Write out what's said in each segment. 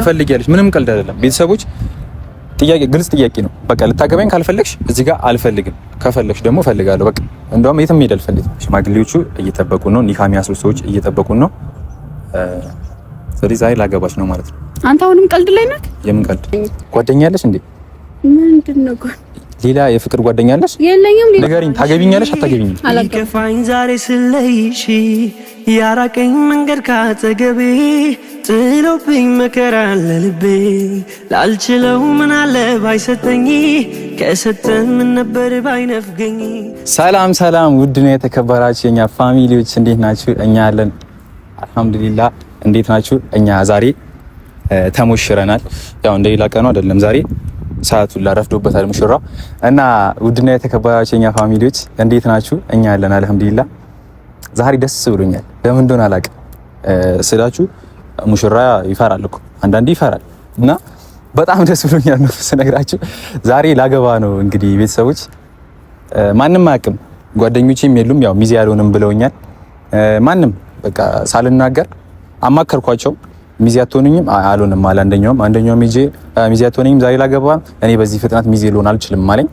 ትፈልጊያለሽ። ምንም ቀልድ አይደለም። ቤተሰቦች ጥያቄ፣ ግልጽ ጥያቄ ነው። በቃ ልታገባኝ ካልፈለግሽ እዚህ ጋር አልፈልግም፣ ከፈለግሽ ደግሞ እፈልጋለሁ። በቃ እንደውም የትም ሄድ አልፈልግም። ሽማግሌዎቹ እየጠበቁ ነው፣ ኒካ የሚያስሩ ሰዎች እየጠበቁ ነው። ስለዚህ ዛሬ ላገባሽ ነው ማለት ነው። አንተ አሁንም ቀልድ ላይ ነህ? የምን ቀልድ? ጓደኛ ያለሽ እንዴ? ምንድን ነው ሌላ የፍቅር ጓደኛ አለሽ? የለኝም። ነገር ታገቢኛለሽ? አታገቢኝም? ይከፋኝ ዛሬ ስለይሽ ያራቀኝ መንገድ ካጠገቤ ጥሎብኝ መከራ ለልቤ ላልችለው ምን አለ ባይሰጠኝ ከሰጠን ምን ነበር ባይነፍገኝ። ሰላም ሰላም! ውድ ነው የተከበራችሁ የኛ ፋሚሊዎች እንዴት ናችሁ? እኛ አለን አልሐምዱሊላህ። እንዴት ናችሁ? እኛ ዛሬ ተሞሽረናል። ያው እንደሌላ ቀኑ አይደለም ዛሬ ሰዓቱን ላረፍዶበታል ሙሽራ እና ውድና የተከበራችሁ የኛ ፋሚሊዎች እንዴት ናችሁ? እኛ ያለን አልሐምዱሊላ። ዛሬ ደስ ብሎኛል። ለምን እንደሆነ አላውቅም ስላችሁ ሙሽራ ይፈራል እኮ አንዳንዴ ይፈራል እና በጣም ደስ ብሎኛል ነው ስነግራችሁ። ዛሬ ላገባ ነው እንግዲህ ቤተሰቦች፣ ማንም አያውቅም፣ ጓደኞቼም የሉም። ያው ሚዜ ያልሆንም ብለውኛል። ማንም በቃ ሳልናገር አማከርኳቸው። ሚዜ አትሆንኝም አልሆንም አለ አንደኛውም አንደኛውም ሚዜ ሚዜ አትሆንኝም ዛሬ ላገባ እኔ በዚህ ፍጥነት ሚዜ ልሆን አልችልም አለኝ።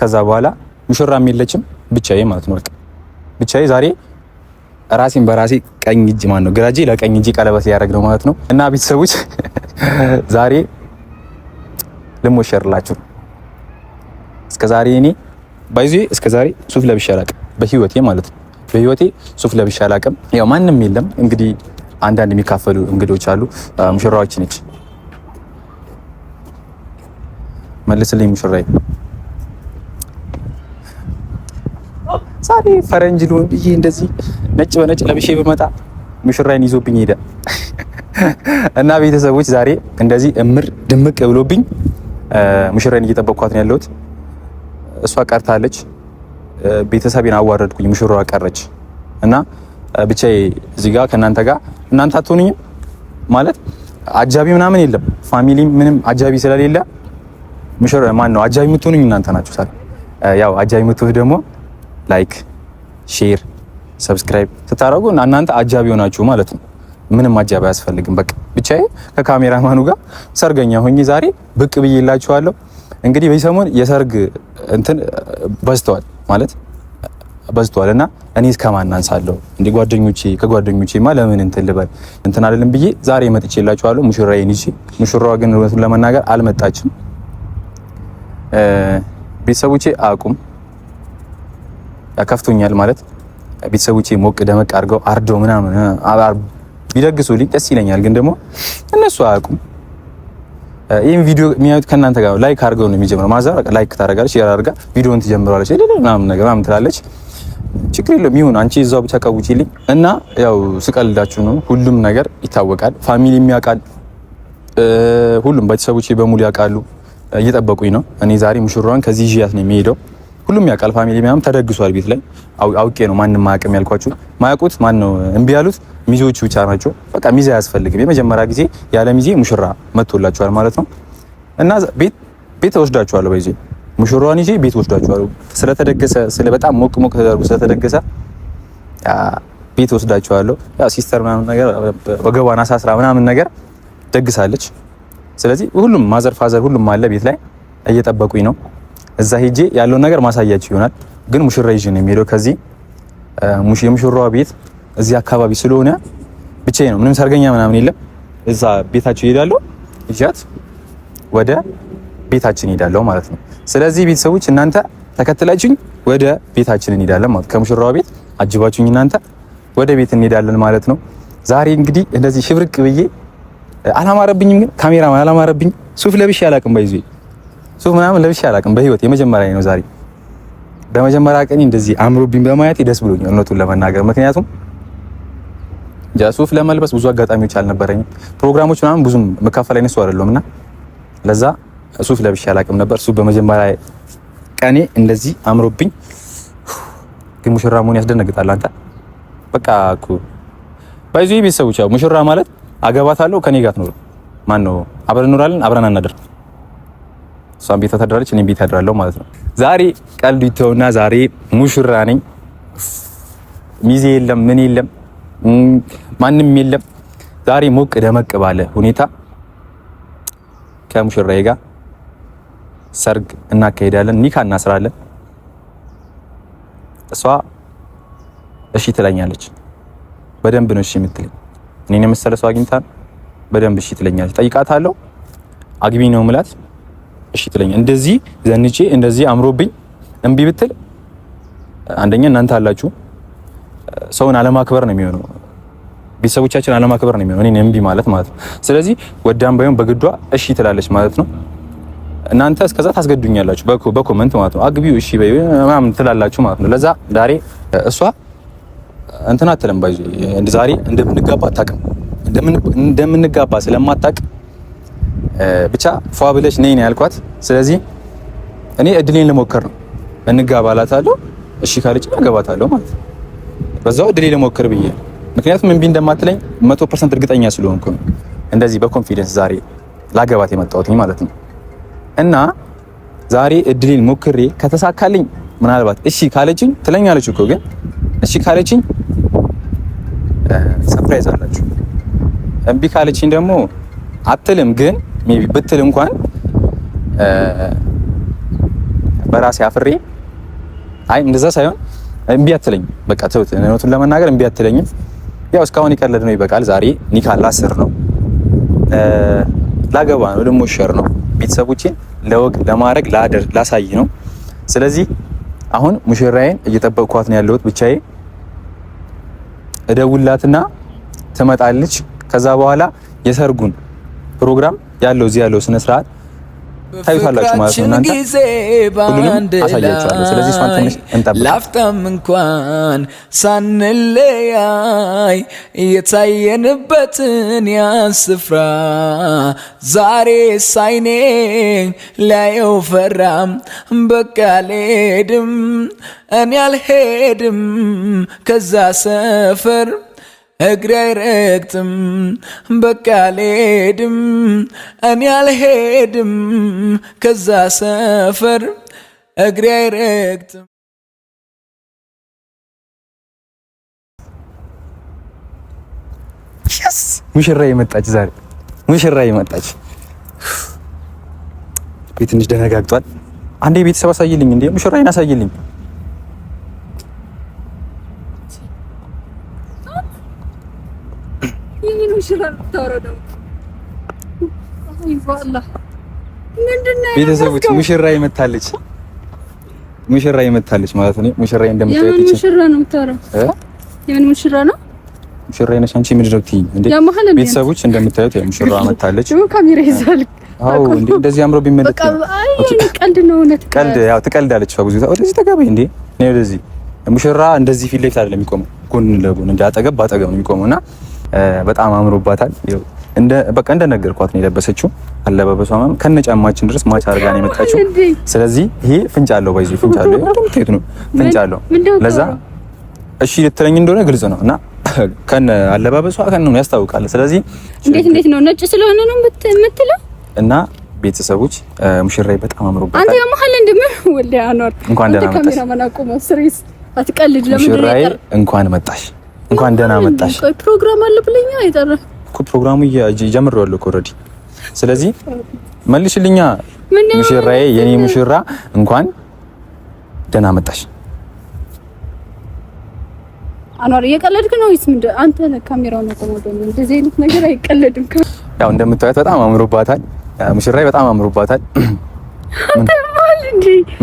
ከዛ በኋላ ሙሽራ የለችም ብቻዬ ማለት ነው። በቃ ብቻዬ ዛሬ ራሴን በራሴ ቀኝ እጅ ማለት ነው ግራጄ ለቀኝ እጅ ቀለበት ሊያደርግ ነው ማለት ነው። እና ቤተሰቦች ዛሬ ልሞሸርላችሁ። እስከ ዛሬ እኔ ባይዚ እስከ ዛሬ ሱፍ ለብሼ አላቅም በህይወቴ ማለት ነው። በህይወቴ ሱፍ ለብሼ አላቅም። ያው ማንም የለም እንግዲህ አንዳንድ የሚካፈሉ እንግዶች አሉ። ሙሽራዎች ነች። መልስልኝ ሙሽራዬ። ዛሬ ፈረንጅ ልሆን ብዬ እንደዚህ ነጭ በነጭ ለብሼ ብመጣ ሙሽራዬን ይዞብኝ ሄደ እና ቤተሰቦች ዛሬ እንደዚህ እምር ድምቅ ብሎብኝ ሙሽራዬን እየጠበኳት ነው ያለሁት። እሷ ቀርታለች። ቤተሰቤን አዋረድኩኝ። ሙሽራዋ ቀረች እና ብቻ እዚህ ጋር ከእናንተ ጋር እናንተ አትሆኑኝም ማለት አጃቢ ምናምን የለም። ፋሚሊ ምንም አጃቢ ስለሌለ ምሽር ማን ነው አጃቢ የምትሆኑኝ እናንተ ናችሁ። ሳል ያው አጃቢ የምትሆኑ ደግሞ ላይክ፣ ሼር፣ ሰብስክራይብ ስታደርጉ እናንተ አጃቢ ሆናችሁ ማለት ነው። ምንም አጃቢ አያስፈልግም። በቃ ብቻዬ ከካሜራማኑ ጋር ሰርገኛ ሆኜ ዛሬ ብቅ ብዬ እንግዲህ በዚህ ሰሞን የሰርግ እንትን በዝተዋል ማለት በዝቷል እና እኔ እስከ አንሳለሁ እንዴ? ጓደኞቼ ከጓደኞቼማ ለምን እንትን ልበል እንትን አይደለም ብዬ ዛሬ መጥቼላችኋለሁ። ሙሽራዬን ይዤ ሙሽራዋ ግን እውነቱን ለመናገር አልመጣችም። ቤተሰቦቼ አቁም ከፍቶኛል ማለት ቤተሰቦቼ ሞቅ ደመቅ አድርገው አርደው ምናምን ቢደግሱልኝ ደስ ይለኛል። ግን ደግሞ እነሱ አያውቁም። ይህም ቪዲዮ የሚያዩት ከእናንተ ጋር ላይክ አድርገው ነው የሚጀምረው። ማዛ ላይክ ታደርጋለች፣ ሼር አድርጋ ቪዲዮውን ትጀምረዋለች ምናምን ነገር ምናምን ትላለች። ችግር የለም ይሁን፣ አንቺ እዛው ብቻ ቀውጪልኝ እና ያው ስቀልዳችሁ ነው። ሁሉም ነገር ይታወቃል፣ ፋሚሊ ያውቃል፣ ሁሉም ቤተሰቦቼ በሙሉ ያውቃሉ። እየጠበቁኝ ነው። እኔ ዛሬ ሙሽራዋን ከዚህ ይዣት ነው የሚሄደው። ሁሉም ያውቃል፣ ፋሚሊ ምናምን ተደግሷል። ቤት ላይ አውቄ ነው ማንም አያውቅም ያልኳችሁ። ማያውቁት ማን ነው እምቢ ያሉት? ሚዜዎቹ ብቻ ናቸው። በቃ ሚዜ አያስፈልግም። የመጀመሪያ ጊዜ ያለ ሚዜ ሙሽራ መጥቶላችኋል ማለት ነው እና ቤት ቤት ወስዳችኋለሁ በዚህ ሙሽሯን ይዤ ቤት ወስዳችኋለሁ። ስለተደገሰ ስለ በጣም ሞቅ ሞቅ ተደርጎ ስለተደገሰ ቤት ወስዳችኋለሁ። ያው ሲስተር ምናምን ነገር ወገቧን አሳስራ ምናምን ነገር ደግሳለች። ስለዚህ ሁሉም ማዘር ፋዘር ሁሉም አለ ቤት ላይ እየጠበቁኝ ነው። እዛ ሄጄ ያለውን ነገር ማሳያችሁ ይሆናል። ግን ሙሽራ ይዤ ነው የሚሄደው። ከዚህ የሙሽራዋ ቤት እዚህ አካባቢ ስለሆነ ብቻ ነው። ምንም ሰርገኛ ምናምን የለም። እዛ ቤታቸው ይሄዳለሁ። ይዣት ወደ ቤታችን ይሄዳለሁ ማለት ነው። ስለዚህ ቤተሰቦች እናንተ ተከትላችሁኝ ወደ ቤታችን እንሄዳለን ማለት ከሙሽራዋ ቤት አጅባችሁኝ እናንተ ወደ ቤት እንሄዳለን ማለት ነው። ዛሬ እንግዲህ እንደዚህ ሽብርቅ ብዬ አላማረብኝም፣ ግን ካሜራማን አላማረብኝ። ሱፍ ለብሼ አላቅም፣ ባይዙ ሱፍ ምናምን ለብሼ አላቅም። በህይወት የመጀመሪያ ነው ዛሬ። በመጀመሪያ ቀኔ እንደዚህ አምሮብኝ በማየት ደስ ብሎኝ እውነቱን ለመናገር ምክንያቱም ሱፍ ለመልበስ ብዙ አጋጣሚዎች አልነበረኝም። ፕሮግራሞች ምናምን ብዙም መካፈል አይነሱ አይደለምና ለዛ ሱፍ ለብሼ አላቅም ነበር። ሱፍ በመጀመሪያ ቀኔ እንደዚህ አምሮብኝ፣ ግን ሙሽራ መሆን ያስደነግጣል። አንተ በቃ እኮ ባይዙ ቤተሰቦች፣ ያው ሙሽራ ማለት አገባታለሁ ከኔ ጋር ትኖር ማን ነው አብረን እንኖራለን፣ አብረን አናድር። እሷም ቤት ታድራለች፣ እኔም ቤት አድራለሁ ማለት ነው። ዛሬ ቀልድ ይተውና ዛሬ ሙሽራ ነኝ። ሚዜ የለም ምን የለም ማንም የለም። ዛሬ ሞቅ ደመቅ ባለ ሁኔታ ከሙሽራዬ ጋር ሰርግ እናካሄዳለን፣ ኒካ እናስራለን። እሷ እሺ ትለኛለች። በደንብ ነው እሺ የምትለኝ። እኔን የመሰለ ሰው አግኝታ በደንብ እሺ ትለኛለች። ጠይቃታለሁ። አግቢ ነው ምላት፣ እሺ ትለኛ። እንደዚህ ዘንጪ እንደዚህ አምሮብኝ እምቢ ብትል አንደኛ እናንተ አላችሁ፣ ሰውን አለማክበር ነው የሚሆነው። ቤተሰቦቻችን አለማክበር ነው የሚሆነው፣ እኔን እምቢ ማለት ማለት ነው። ስለዚህ ወዳም ባይሆን በግዷ እሺ ትላለች ማለት ነው። እናንተ እስከዛ ታስገዱኛላችሁ በኮ በኮመንት ማለት ነው። አግቢው እሺ በይ ምናምን ትላላችሁ ማለት ነው። ለዛ ዛሬ እሷ እንትና አትልም ባይዙ ዛሬ እንደምንጋባ አታውቅም። እንደምንጋባ ስለማታውቅ ብቻ ፏ ብለሽ ነይ ነው ያልኳት። ስለዚህ እኔ እድሌን ልሞክር ነው እንጋባ እላታለሁ። እሺ ካለች እገባታለሁ ማለት ነው። በዛው እድሌ ልሞክር ብዬ ምክንያቱም እምቢ እንደማትለኝ 100% እርግጠኛ ስለሆንኩ እንደዚህ በኮንፊደንስ ዛሬ ላገባት የመጣሁት ማለት ነው። እና ዛሬ እድሌን ሞክሬ ከተሳካልኝ ምናልባት እሺ ካለችኝ ትለኛለች እኮ ግን እሺ ካለችኝ ሰርፕራይዝ አላችሁ። እምቢ ካለችኝ ደግሞ አትልም። ግን ሜቢ ብትል እንኳን በራሴ አፍሬ አይ እንደዛ ሳይሆን እምቢ አትለኝ። በቃ ተውት፣ እውነቱን ለመናገር እምቢ አትለኝ። ያው እስካሁን የቀለድ ነው ይበቃል። ዛሬ ኒካ ላስር ነው ላገባ ነው ደሞ ሸር ነው ቤተሰቦቼን ለወግ ለማድረግ ላደር ላሳይ ነው። ስለዚህ አሁን ሙሽራዬን እየጠበቅኳት ነው ያለሁት ብቻዬ። እደውላትና ትመጣለች። ከዛ በኋላ የሰርጉን ፕሮግራም ያለው እዚህ ያለው ስነ ስርዓት ታዩታላችሁ ማለት ነው። እናንተ ሁሉንም አሳያችኋለሁ። ስለዚህ እሷን ትንሽ እንጠብቅ። ላፍታም እንኳን ሳንለያይ የታየንበትን ያን ስፍራ ዛሬ ሳይኔ ላየው ፈራም። በቃ አልሄድም እኔ አልሄድም ከዛ ሰፈር እግሬ አይረግጥም፣ በቃ አልሄድም፣ እኔ አልሄድም ከዛ ሰፈር እግሬ አይረግጥም። ሙሽራ የመጣች ዛሬ ሙሽራ የመጣች ቤት ትንሽ ደነጋግጧል። አንዴ ቤተሰብ አሳይልኝ እንዴ! ሙሽራዬን አሳይልኝ። ቤተሰቦች ሙሽራ ይመታለች፣ ሙሽራ ይመታለች ማለት ነው። ሙሽራ እንደምታየው ሙሽራ ነው የምታወራው እ የምን ሙሽራ ነው? ሙሽራ ነሽ አንቺ ምንድን ነው የምትይኝ? እንደ ቤተሰቦች እንደምታዩት ሙሽራ መታለች። ካሜራ ይዛል። አዎ እንዴ እንደዚህ አምሮ ቢመለጥ ቀልድ ነው እውነት ቀልድ። ያው ትቀልዳለች ብዙ ጊዜ። ወደዚህ ተጋቢ እንዴ ነው ወደዚህ። ሙሽራ እንደዚህ ፊት ለፊት አይደለም የሚቆመው፣ ጎን ለጎን እንደ አጠገብ ባጠገብ ነው የሚቆመውና በጣም አምሮባታል። እንደ በቃ እንደነገርኳት ነው የለበሰችው። አለባበሷ ከነ ጫማችን ድረስ ማች አድርጋ ነው የመጣችው። ስለዚህ ይሄ ፍንጫ አለው ባይዚ ፍንጫ አለው እንደምታዩት ነው ፍንጫ አለው። ለዛ እሺ ልትለኝ እንደሆነ ግልጽ ነው እና ከነ አለባበሷ ከነ ነው ያስታውቃል። ስለዚህ እንዴት እንዴት ነው ነጭ ስለሆነ ነው የምትለው እና ቤተሰቦች ሙሽራዬ በጣም አምሮባታል። አንተ ያመሃል እንደምን ወልዲያ አኖር እንኳን ደህና መጣሽ። ካሜራማን አቁመው ስሪስ አትቀልድ። ለምን እንኳን መጣሽ እንኳን ደህና መጣሽ። ፕሮግራም አለ ብለኛ አይጠራ እኮ ፕሮግራሙ ጀምሬዋለሁ እኮ ኦልሬዲ። ስለዚህ መልሽልኛ ሙሽራዬ፣ የኔ ሙሽራ እንኳን ደህና መጣሽ። አኗር እየቀለድክ ነው ወይስ ምንድን? አንተ ለካሜራው ነው ተሞደው ነው እንደዚህ አይነት ነገር አይቀለድም። ያው እንደምታዩት በጣም አምሮባታል ሙሽራዬ፣ በጣም አምሮባታል። አንተ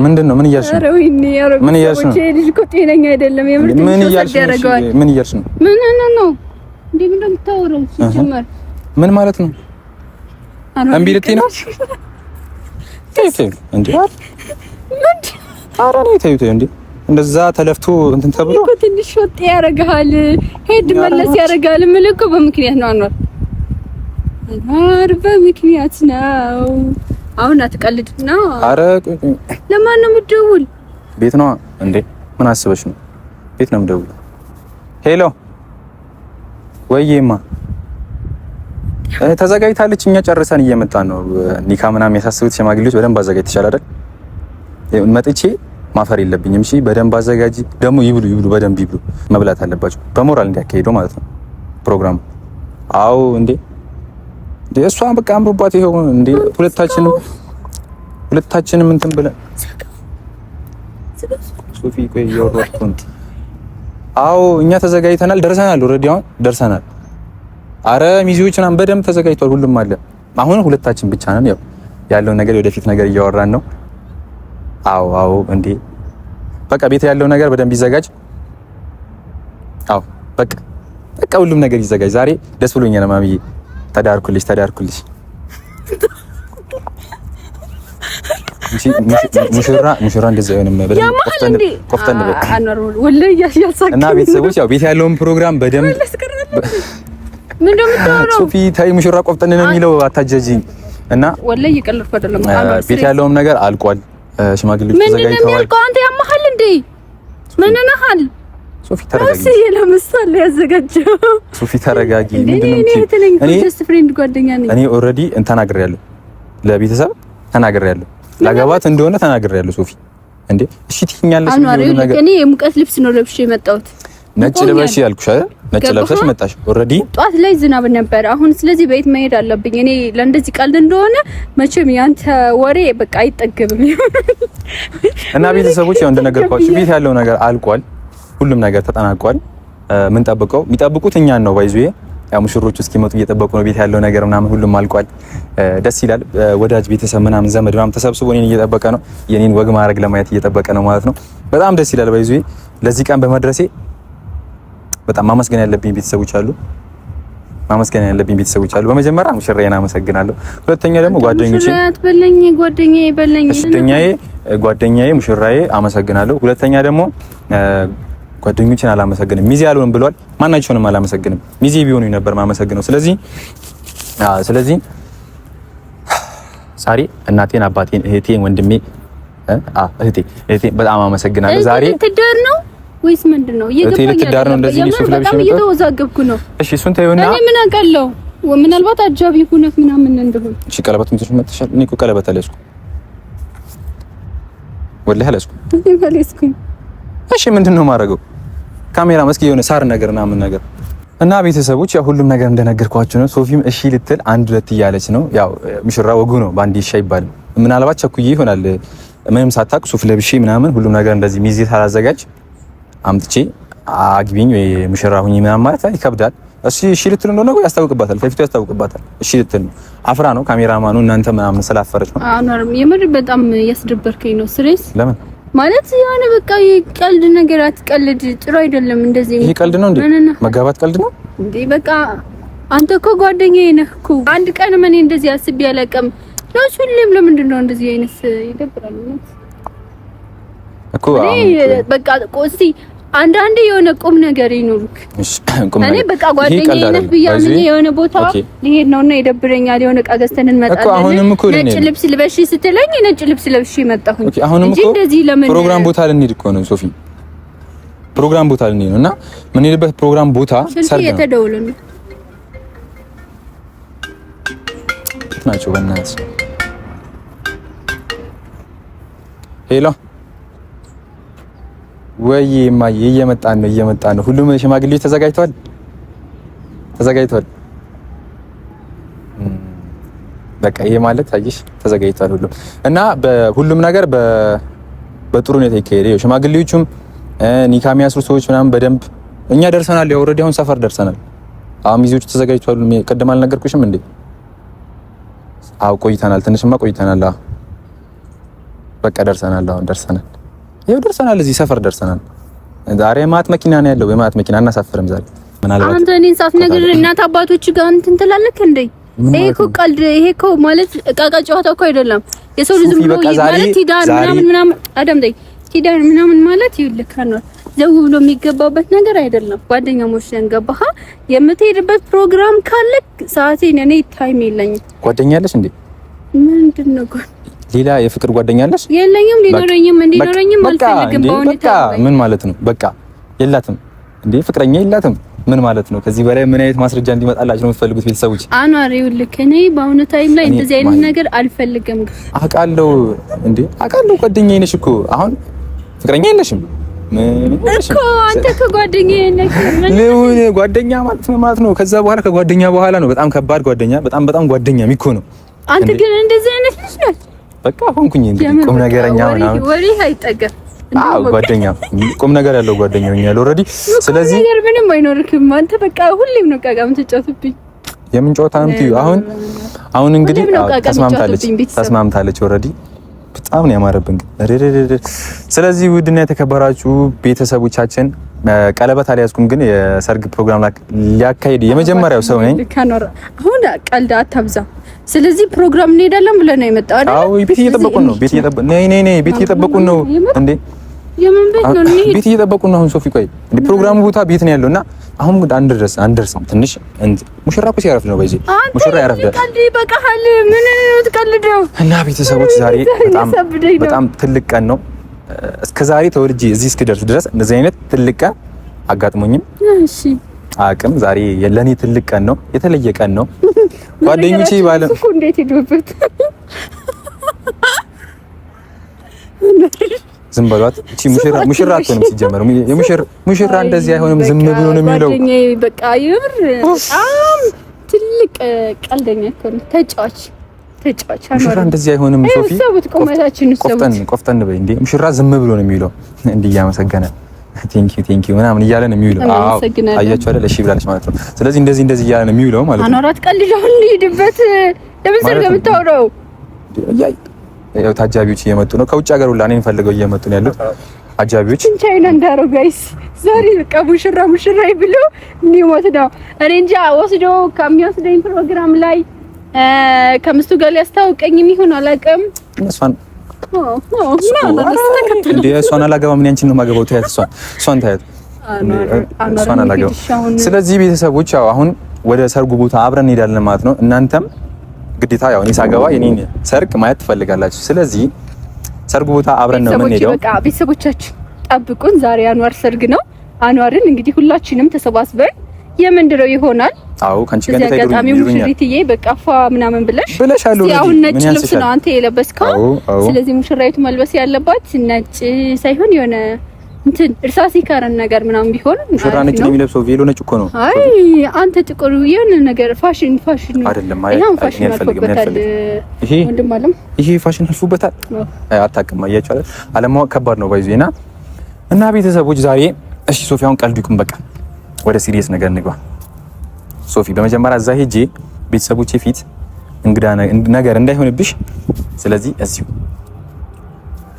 ምንድን ነው? ምን እያልሽ ነው? ምን እያልሽ ነው? ልጅ እኮ ጤነኛ አይደለም። የምር ምን እያልሽ ነው? ምን እያልሽ ነው? ምን ነው? እንዴት እንደምታወራው ሲጀመር ምን ማለት ነው? እምቢ ልትይ ነው? ተይ ተይ፣ እንዴ! ኧረ እኔ ተይ ተይ፣ እንዴ! እንደዛ ተለፍቶ እንትን ተብሎ እኮ ትንሽ ወጥ ያደርግሃል፣ ሄድ መለስ ያደርግሃል። ምን በምክንያት ነው አኗር፣ አኗር በምክንያት ነው አሁን አትቀልድና። አረ ለማን ነው የምትደውል? ቤት ነው እንዴ? ምን አስበሽ ነው? ቤት ነው የምትደውል? ሄሎ ወይዬማ፣ ተዘጋጅታለች። እኛ ጨርሰን እየመጣን ነው። ኒካ ምናምን የሚያሳስቡት ሽማግሌዎች በደንብ አዘጋጅተሻል አይደል? መጥቼ ማፈር የለብኝም። እሺ በደንብ አዘጋጅ ደግሞ ይብሉ ይብሉ፣ በደንብ ይብሉ። መብላት አለባቸው። በሞራል እንዲያካሄደው ማለት ነው ፕሮግራሙ። አዎ እንዴ እሷ በቃ አምሮባት ይሄው እንዴ ሁለታችንም ሁለታችንም እንትን ብለን ሶፊ ቆይ አዎ እኛ ተዘጋጅተናል፣ ደርሰናል። ኦልሬዲ አሁን ደርሰናል። አረ ሚዜዎች ምናምን በደንብ ተዘጋጅቷል። ሁሉም አለ። አሁን ሁለታችን ብቻ ነን። ያው ያለው ነገር የወደፊት ነገር እያወራን ነው። አዎ አዎ፣ እንዴ በቃ ቤት ያለው ነገር በደንብ ይዘጋጅ። አዎ በቃ በቃ ሁሉም ነገር ይዘጋጅ። ዛሬ ደስ ብሎኛል ማሚዬ ተዳርኩልሽ ተዳርኩልሽ ሙሽራ ሙሽራ እንደዚህ አይሆንም። በደንብ ቆፍጠን ቆፍጠን እና ቤተሰቦች ያው ቤት ያለውን ፕሮግራም በደንብ ሶፊ ታይ ሙሽራ ቆፍጠን ነው የሚለው አታጀጂኝ። እና ቤት ያለውም ነገር አልቋል። ሽማግሌዎች ተዘጋጅተዋል። ሶፊ ተረጋጊ። ለምሳሌ ያዘጋጀው ሶፊ ተረጋጊ። እኔ ኦልሬዲ ተናግሬያለሁ፣ ለቤተሰብ ተናግሬያለሁ፣ ላገባት እንደሆነ ተናግሬያለሁ። ሶፊ እንዴ እሺ ትኛለሽ? እኔ የሙቀት ልብስ ነው ለብሼ የመጣሁት። ነጭ ልበሽ ያልኩሽ አይደል? ነጭ ለብሰሽ መጣሽ። ኦልሬዲ ጧት ላይ ዝናብ ነበር። አሁን ስለዚህ በየት መሄድ አለብኝ እኔ ለእንደዚህ ቀልድ እንደሆነ መቼም ያንተ ወሬ በቃ አይጠገብም። እና ቤተሰቦች ያው እንደነገርኳችሁ ቤት ያለው ነገር አልቋል። ሁሉም ነገር ተጠናቋል። ጠብቀው የሚጠብቁት እኛን ነው። ባይዙዬ ያው ሙሽሮቹ እስኪመጡ እየጠበቁ ነው። ቤት ያለው ነገር ምናምን ሁሉም አልቋል። ደስ ይላል። ወዳጅ ቤተሰብ ምናምን ዘመድ ምናምን ተሰብስቦ እኔን እየጠበቀ ነው። የኔን ወግ ማድረግ ለማየት እየጠበቀ ነው ማለት ነው። በጣም ደስ ይላል። ባይዙ ለዚህ ቀን በመድረሴ በጣም ማመስገን ያለብኝ ቤተሰቦች አሉ። ማመስገን ያለብኝ ቤተሰቦች አሉ። በመጀመሪያ ሙሽራዬን አመሰግናለሁ። ሁለተኛ ደግሞ ጓደኞቼ በለኝ ጓደኛዬ በለኝ ሁለተኛዬ ጓደኛዬ ሙሽራዬ አመሰግናለሁ። ሁለተኛ ደግሞ ጓደኞችን አላመሰግንም። ሚዜ አልሆንም ብሏል። ማናቸውንም አላመሰግንም። ሚዜ ቢሆኑ ነበር ማመሰግነው። ስለዚህ ስለዚህ ዛሬ እናቴን፣ አባቴን፣ እህቴን፣ ወንድሜ እህቴ እህቴ በጣም አመሰግናለሁ። ዛሬ ትዳር ነው ወይስ ምንድን ነው? ትዳር ነው እንደዚህ ሱፍ ለብሼ እየተወዛገብኩ ነው። እሺ እሱን ተይውና እኔ ምን አውቃለሁ ምናልባት አጃቢ ሁነት ምናምን እንደሆነ እሺ። ቀለበት ምትሽ መጥተሻል። እኔ እኮ ቀለበት አለስኩ፣ ወላሂ አለስኩ፣ አለስኩ። እሺ ምንድን ነው የማደርገው? ካሜራ መስክ የሆነ ሳር ነገር ምናምን ነገር እና ቤተሰቦች ያው ሁሉም ነገር እንደነገርኳችሁ ነው። ሶፊም እሺ ልትል አንድ ሁለት እያለች ነው። ያው ምሽራ ወጉ ነው በአንድ ይሻ ይባልም። ምናልባት ቸኩዬ ይሆናል ምንም ሳታቅ ሱፍ ለብሼ ምናምን ሁሉም ነገር እንደዚህ ሚዜ ሳላዘጋጅ አምጥቼ አግቢኝ ወይ ምሽራ ሁኝ ምናምን ማለት ይከብዳል። እሺ እሺ ልትል እንደሆነ ነው ያስታውቅባታል፣ ከፊቱ ያስታውቅባታል። እሺ ልትል ነው አፍራ ነው ካሜራማኑ እናንተ ምናምን ስላፈረች ነው። አኖርም የምር በጣም ያስደበርከኝ ነው ስሬስ ለምን ማለት የሆነ በቃ የቀልድ ነገር አትቀልድ፣ ጥሩ አይደለም እንደዚህ። ይሄ ቀልድ ነው እንዴ? መጋባት ቀልድ ነው እንዴ? በቃ አንተ እኮ ጓደኛዬ ነህ እኮ። አንድ ቀን ምን እንደዚህ አስቤ አላውቅም። ነው ሁሌም ለምንድን ነው እንደዚህ አይነት ይደብራል እኮ። በቃ ቆስቲ አንዳንድ የሆነ ቁም ነገር ይኑርክ። እኔ በቃ ጓደኛዬ ነህ ብያ የሆነ ቦታ ልሄድ ነውና ይደብረኛል፣ የሆነ እቃ ገዝተን እንመጣለን። ነጭ ልብስ ልበሽ ስትለኝ ነጭ ልብስ ለብሽ መጣሁኝ እኮ እንደዚህ ለምን ፕሮግራም ቦታ ልንሄድ እኮ ነው ሶፊ፣ ፕሮግራም ቦታ ልንሄድ ነውና የምንሄድበት ፕሮግራም ቦታ ሰርግ ነው። የተደውለ ነው ናቸው። በእናትህ ሄሎ ወይ እማዬ፣ እየመጣን ነው እየመጣን ነው። ሁሉም ሽማግሌዎች ተዘጋጅተዋል ተዘጋጅተዋል። በቃ ይሄ ማለት አይሽ ተዘጋጅተዋል ሁሉም እና በሁሉም ነገር በጥሩ ሁኔታ ይካሄደ። ሽማግሌዎቹም ኒካ የሚያስሩ ሰዎች ምናምን በደንብ እኛ ደርሰናል። ያው ኦልሬዲ አሁን ሰፈር ደርሰናል። አሁን ሚዜዎቹ ተዘጋጅተዋል። ቅድም አልነገርኩሽም እንዴ? አው ቆይተናል፣ ትንሽማ ቆይተናል። በቃ ደርሰናል፣ አሁን ደርሰናል። ይሄው ደርሰናል፣ እዚህ ሰፈር ደርሰናል። ዛሬ ማት መኪና ነው ያለው። የማት መኪና እናሳፍርም ዛሬ። ምናልባት አንተ እኔን ሳትነግር እናት አባቶች ጋር እንትን ትላለህ እንዴ? ይሄ እኮ ቀልድ፣ ይሄ እኮ ማለት ቃቃ ጨዋታ እኮ አይደለም። የሰው ልጅ ብሎ ማለት ኪዳን ምናምን ምናምን አዳምጠኝ፣ ኪዳን ምናምን ማለት ይልካ ነው ዘው ብሎ የሚገባበት ነገር አይደለም። ጓደኛሞች ነን፣ ገባህ? የምትሄድበት ፕሮግራም ካለ ሰዓቴ እኔ ታይም የለኝም። ጓደኛለሽ እንዴ? ምንድን ነው ሌላ የፍቅር ጓደኛ አለሽ? የለኝም። ሊኖረኝም እንዲኖረኝም አልፈልግም። በቃ ምን ማለት ነው? በቃ የላትም እንዴ? ፍቅረኛ የላትም ምን ማለት ነው? ከዚህ በላይ ምን አይነት ማስረጃ እንዲመጣላችሁ ነው የምትፈልጉት? ቤተሰቦች አኗሪው ልክ እኔ በአሁኑ ታይም ላይ እንደዚህ አይነት ነገር አልፈልግም። አውቃለሁ እንዴ አውቃለሁ። ጓደኛዬ ነሽ እኮ አሁን ፍቅረኛ የለሽም እኮ አንተ ከጓደኛዬ ነህ። ነው ጓደኛ ማለት ነው ማለት ነው? ከዛ በኋላ ከጓደኛ በኋላ ነው በጣም ከባድ ጓደኛ፣ በጣም በጣም ጓደኛ ሚኮ ነው። አንተ ግን እንደዚህ አይነት ልጅ ነህ በቃ ሆንኩኝ እንግዲህ ቁም ነገረኛ ምናምን ወሬ አይጠገም። አዎ ጓደኛ ቁም ነገር ያለው ጓደኛ ሆኛለሁ ኦልሬዲ። ስለዚህ ነገር ምንም አይኖርክም አንተ በቃ ሁሌም ነው ቃቃ የምትጫወትብኝ። የምን ጨዋታ ነው? አሁን አሁን እንግዲህ ተስማምታለች ተስማምታለች ኦልሬዲ። በጣም ነው ያማረብን። ስለዚህ ውድና የተከበራችሁ ቤተሰቦቻችን ቀለበት አልያዝኩም፣ ግን የሰርግ ፕሮግራም ላካሄድ የመጀመሪያው ሰው ነኝ። አሁን ቀልድ አታብዛ ስለዚህ ፕሮግራም እንሄዳለን ብለህ ነው የመጣው አይደል? አዎ ቤት እየጠበቁን ነው። ቤት እየጠበቁን ነው ነይ ነይ ቤት እየጠበቁን ነው እንዴ? የምን ቤት ነው? ቤት እየጠበቁን ነው። አሁን ሶፊ ቆይ እንዴ ፕሮግራሙ ቦታ ቤት ነው ያለውና አሁን አንደርስ አንደርስም። ትንሽ ሙሽራ እኮ ሲያረፍ ነው በዚህ ሙሽራ ያረፍ ያረፍዳል። አንተ ይበቃሃል። ምን ትቀልደው? እና ቤተሰቦች ዛሬ በጣም በጣም ትልቅ ቀን ነው። እስከዛሬ ተወልጄ እዚህ እስክደርስ ድረስ እንደዚህ አይነት ትልቅ ቀን አጋጥሞኝም። እሺ አቅም ዛሬ ለእኔ ትልቅ ቀን ነው፣ የተለየ ቀን ነው። ጓደኞቼ ባለ እንዴት ይዱበት ዝም በሏት። እቺ ሙሽራ ሙሽራ አትሆንም። ሲጀመር የሙሽራ ሙሽራ እንደዚህ አይሆንም። ዝም ብሎ ነው የሚለው። በቃ ይብር በጣም ትልቅ ቀልደኛ እኮ ነው። ተጫዋች ተጫዋች። ሙሽራ እንደዚህ አይሆንም። ሶፊ ቆፍጠን ቆፍጠን በይ እንዴ! ሙሽራ ዝም ብሎ ነው የሚለው እንዲህ እያመሰገነ ቴንኪው ቴንኪው ምናምን እያለ ነው የሚውለው። አዎ አያችሁ አይደል? እሺ ብላለች ማለት ነው። ስለዚህ እንደዚህ እንደዚህ እያለ ነው የሚውለው ማለት ነው። አኗራት ቀልጃው እንሂድበት። ለምን ሰርግ የምታወራው? ያው ታጃቢዎች እየመጡ ነው ከውጭ ሀገር ሁላ እኔን ፈልገው እየመጡ ነው ያሉት አጃቢዎች። ቻይና እንዳሩ ጋይስ ዛሬ በቃ ሙሽራ ሙሽራ ብሎ ሊሞት ነው። እኔ እንጃ ወስዶ ከሚወስደኝ ፕሮግራም ላይ ከምስቱ ጋር ሊያስታውቀኝ የሚሆን አላውቅም እሷን እሷን አላገባም። እኔ አንቺን ነው የማገባው። ተያት፣ እሷን እሷን ተያት፣ እሷን አላገባም። ስለዚህ ቤተሰቦች ያው አሁን ወደ ሰርጉ ቦታ አብረን እንሄዳለን ማለት ነው። እናንተም ግዴታ ያው እኔ ሳገባ የኔን ሰርግ ማየት ትፈልጋላችሁ። ስለዚህ ሰርጉ ቦታ አብረን ነው የምንሄደው። በቃ ቤተሰቦቻችን ጠብቁን። ዛሬ አንዋር ሰርግ ነው። አንዋርን እንግዲህ ሁላችንም ተሰባስበን የምንድረው ይሆናል። አዎ ካንቺ ጋር ተጋጣሚ ሙሽሪትዬ በቃ ፋ ምናምን ብለሽ ብለሻል። አሁን ነጭ ልብስ ነው አንተ የለበስከው። ስለዚህ ሙሽራይቱ መልበስ ያለባት ነጭ ሳይሆን የሆነ እንትን እርሳስ ይካረን ነገር ምናምን ቢሆን ሙሽራ ነጭ ነው የሚለብሰው። ቬሎ ነጭ እኮ ነው። አይ አንተ ጥቁር የሆነ ነገር ፋሽን ፋሽን አይደለም። አይ ያን ፋሽን አልፎበታል። ይሄ ወንድም አለም ይሄ ፋሽን አልፎበታል። አታውቅም። አያችሁ አይደል? አለማወቅ ከባድ ነው። ባይዜና እና ቤተሰቦች ዛሬ እሺ፣ ሶፊያውን ቀልዱ ይቁም በቃ ወደ ሲሪየስ ነገር እንግባ። ሶፊ በመጀመሪያ እዛ ሄጄ ቤተሰቦቼ ፊት እንግዳ ነገር እንዳይሆንብሽ፣ ስለዚህ እዚሁ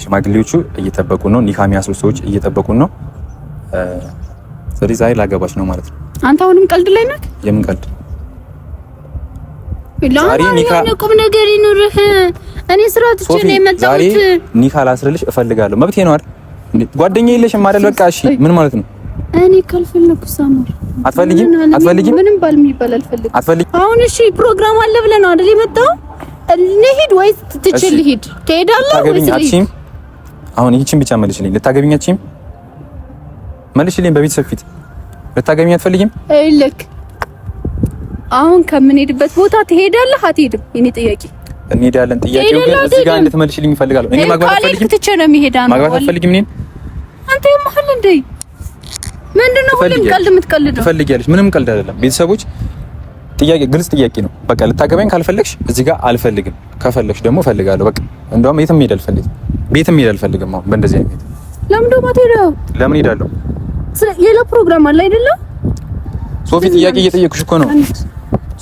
ሽማግሌዎቹ እየጠበቁ ነው። ኒካ የሚያስሩ ሰዎች እየጠበቁ ነው። ስለዚህ ዛሬ ላገባሽ ነው ማለት ነው። አንተ አሁንም ቀልድ ላይ ነህ? የምን ቀልድ? ዛሬ ኒካ ቁም ነገር ይኑርህ። እኔ ስራ ትቼ ነው የመጣሁት። ኒካ ላስርልሽ እፈልጋለሁ። መብቴ ነው አይደል? ጓደኛ የለሽም አይደል? በቃ እሺ፣ ምን ማለት ነው? እኔ ካልፈለኩ ሳመር አትፈልጊም? አትፈልጊም? ምንም ባልም የሚባል ፈልግ አትፈልጊም? አሁን እሺ፣ ፕሮግራም አለ ብለህ ነው አይደል የመጣው? ልሂድ ወይስ ትችል? ልሂድ ትሄዳለህ ወይስ ልሂድ? አሁን ይህቺን ብቻ መልሽልኝ። ልታገቢኝ አትችይም? መልሽልኝ። በቤተሰብ ፊት ልታገቢኝ አትፈልጊም? ልክ አሁን ከምንሄድበት ቦታ ትሄዳለህ አትሄድም? የኔ ጥያቄ እንሄዳለን። ጥያቄው ግን እዚህ ጋር እንድትመልሽልኝ እፈልጋለሁ። እኔ ማግባት አልፈልግም። ትቼ ነው የሚሄዳ ነው። ማግባት አትፈልጊም? እኔን አንተ የማህል እንደይ ምንድነው ሁሌም ቀልድ የምትቀልደው? ትፈልጊያለሽ? ምንም ቀልድ አይደለም። ቤተሰቦች ጥያቄ፣ ግልጽ ጥያቄ ነው። በቃ ልታገባኝ ካልፈለግሽ እዚህ ጋር አልፈልግም፣ ከፈለግሽ ደግሞ እፈልጋለሁ። በቃ እንደውም የትም መሄድ አልፈልግም፣ ቤትም መሄድ አልፈልግም። አሁን በእንደዚህ አይነት ለምን ደግሞ አትሄደው? ለምን ሄዳለሁ? ሌላ ፕሮግራም አለ አይደለም? ሶፊ ጥያቄ እየጠየቅሽ እኮ ነው።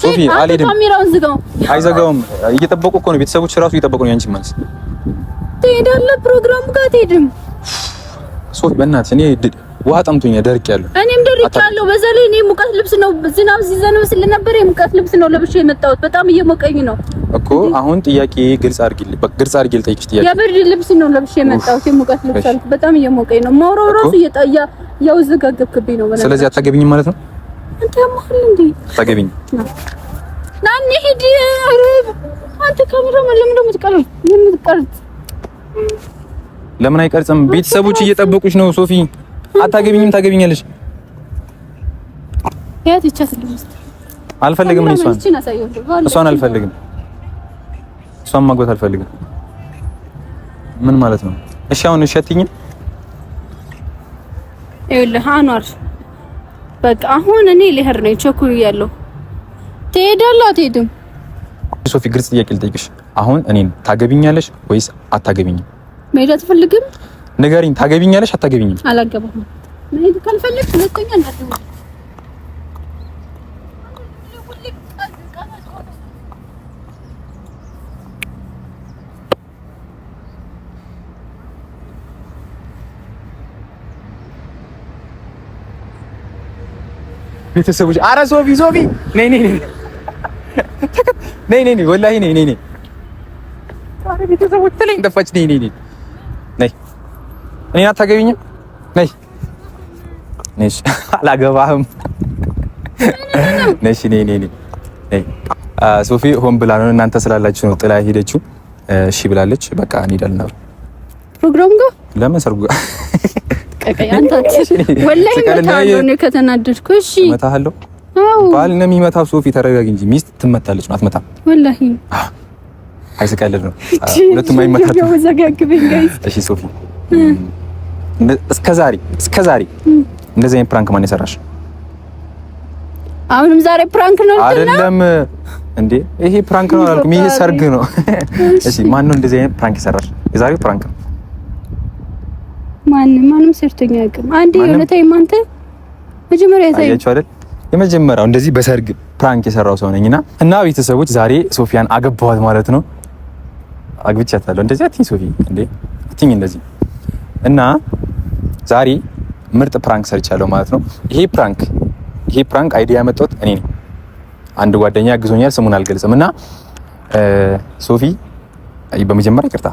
ሶፊ አልሄድም። ካሜራውን ዝጋው። አይዘጋውም። እየጠበቁ እኮ ነው ቤተሰቦች፣ እራሱ እየጠበቁ ነው። ያንቺ ማለት ትሄዳለህ፣ ፕሮግራሙ ጋር አትሄድም? ሶፊ በእናትሽ እኔ ውሃ ጠምቶኛ ደርቅ ያለው እኔም ደርቅ ያለው። በዛ ላይ እኔ ሙቀት ልብስ ነው ዝናብ ሲዘንብ ስለነበረ የሙቀት ልብስ ነው ለብሼ የመጣሁት። በጣም እየሞቀኝ ነው እኮ አሁን። ጥያቄ ግልጽ አድርጊልኝ፣ ግልጽ አድርጊ ልጠይቅሽ ጥያቄ። የብርድ ልብስ ነው ለብሼ የመጣሁት የሙቀት ልብስ አልኩ። በጣም እየሞቀኝ ነው። ሞራው ራሱ እየጠያ እያወዘጋገብክብኝ ነው። ስለዚህ አታገቢኝም ማለት ነው። አንተ ያማህል እንዴ? አታገቢኝም። ና እንሂድ። ኧረ አንተ ካሜራ ለምን ነው የምትቀርጥ? ለምን አይቀርጽም? ቤተሰቦች እየጠበቁሽ ነው ሶፊ አታገቢኝም፣ ታገቢኛለሽ። አልፈልግም። እሷን እሷን አልፈልግም። እሷን ማግባት አልፈልግም። ምን ማለት ነው? እሺ አሁን እሺ አትይኝም? ይኸውልህ አኗር፣ በቃ አሁን እኔ ልሄድ ነው ቸኩያለሁ። ትሄዳለህ አትሄድም? ሶፊ፣ ግልጽ ጥያቄ ልጠይቅሽ። አሁን እኔን ታገቢኛለሽ ወይስ አታገቢኝም? መሄድ አትፈልግም? ንገሪኝ፣ ታገቢኛለሽ አታገቢኝም? አላገባም። ቤተሰቦች አረ ሶፊ ሶፊ ነይ ነይ ነይ ነይ ወላሂ ነይ ነይ ነይ። አረ ቤተሰቦች ተለኝ ጠፋች። ነይ ነይ ነይ ነይ እኔን አታገቢኝም? ነይ ነሽ። አላገባህም። ነሽ ነይ ነይ ነይ። ሶፊ ሆን ብላ ነው እናንተ ስላላችሁ ነው ጥላ ሄደችው። እሺ ብላለች። በቃ እንሄዳለን ነው ፕሮግራም ጋር ለምን ሰርጉ ጋር ከተናደድኩ ባል ነው የሚመታው። ሶፊ ተረጋጊ እንጂ ሚስት ትመታለች ነው አትመታም። ወላሂ አይስቀልድ ነው ሁለቱም አይመታም። እሺ ሶፊ እስከዛሬ እስከዛሬ እንደዚህ አይነት ፕራንክ ማን የሰራሽ? አሁንም ዛሬ ፕራንክ ነው አይደለም እንዴ? ይሄ ፕራንክ ነው አላልኩም፣ ይሄ ሰርግ ነው። እሺ ማን ነው እንደዚህ አይነት ፕራንክ የሰራሽ? የዛሬው ፕራንክ ነው። ማን ማንም ሰርቶኛ ያውቅም። አንዴ የሆነ ማንተ መጀመሪያ ታይም አያችሁ አይደል? የመጀመሪያው እንደዚህ በሰርግ ፕራንክ የሰራው ሰው ነኝና እና ቤተሰቦች ዛሬ ሶፊያን አገባዋት ማለት ነው። አግብቻታለሁ። እንደዚህ አትኝ ሶፊ፣ እንዴ አትኝ እንደዚህ እና ዛሬ ምርጥ ፕራንክ ሰርቻለሁ ማለት ነው። ይሄ ፕራንክ ይሄ ፕራንክ አይዲያ ያመጣሁት እኔ ነኝ። አንድ ጓደኛ ያግዞኛል፣ ስሙን አልገልጽም እና ሶፊ በመጀመሪያ ይቅርታ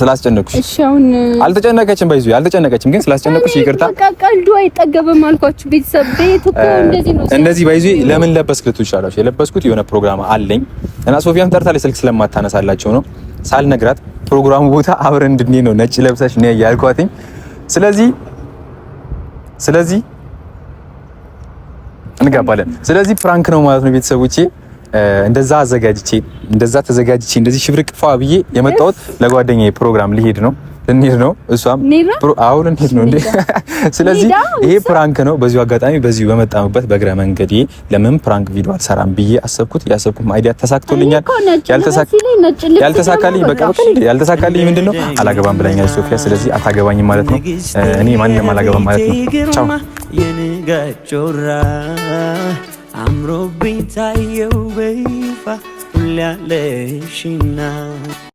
ስላስጨነቁሽ። እሺ አሁን አልተጨነቀችም፣ በይዙ አልተጨነቀችም፣ ግን ስላስጨነቁሽ ይቅርታ። ቀልዱ አይጠገብም አልኳችሁ ቤተሰብ። ቤት እኮ እንደዚህ ነው። እንደዚህ በይዙ ለምን ለበስክ ልትሉ ይችላላችሁ። የለበስኩት የሆነ ፕሮግራም አለኝ እና ሶፊያም ጠርታለች፣ ስልክ ስለማታነሳላቸው ነው ሳልነግራት ፕሮግራሙ ቦታ አብረን እንድንሄድ ነው ነጭ ለብሰሽ ነይ ያልኳትኝ ስለዚህ ስለዚህ እንጋባለን። ስለዚህ ፕራንክ ነው ማለት ነው ቤተሰቦቼ። እንደዛ አዘጋጅቼ እንደዛ ተዘጋጅቼ እንደዚህ ሽብርቅ ፋ ብዬ የመጣሁት ለጓደኛዬ ፕሮግራም ሊሄድ ነው ልንሄድ ነው እሷም አሁን እንሄድ ነው እንዴ ስለዚህ ይሄ ፕራንክ ነው። በዚሁ አጋጣሚ በዚሁ በመጣምበት በእግረ መንገዴ ለምን ፕራንክ ቪዲዮ አልሰራም ብዬ አሰብኩት። ያሰብኩት አይዲያ ተሳክቶልኛል። ያልተሳካልኝ በቃ ያልተሳካልኝ ምንድን ነው አላገባም ብላኛል ሶፊያ። ስለዚህ አታገባኝም ማለት ነው። እኔ ማንንም አላገባም ማለት ነው። ቻው አምሮብኝ ታየው በይፋ ሁላለሽና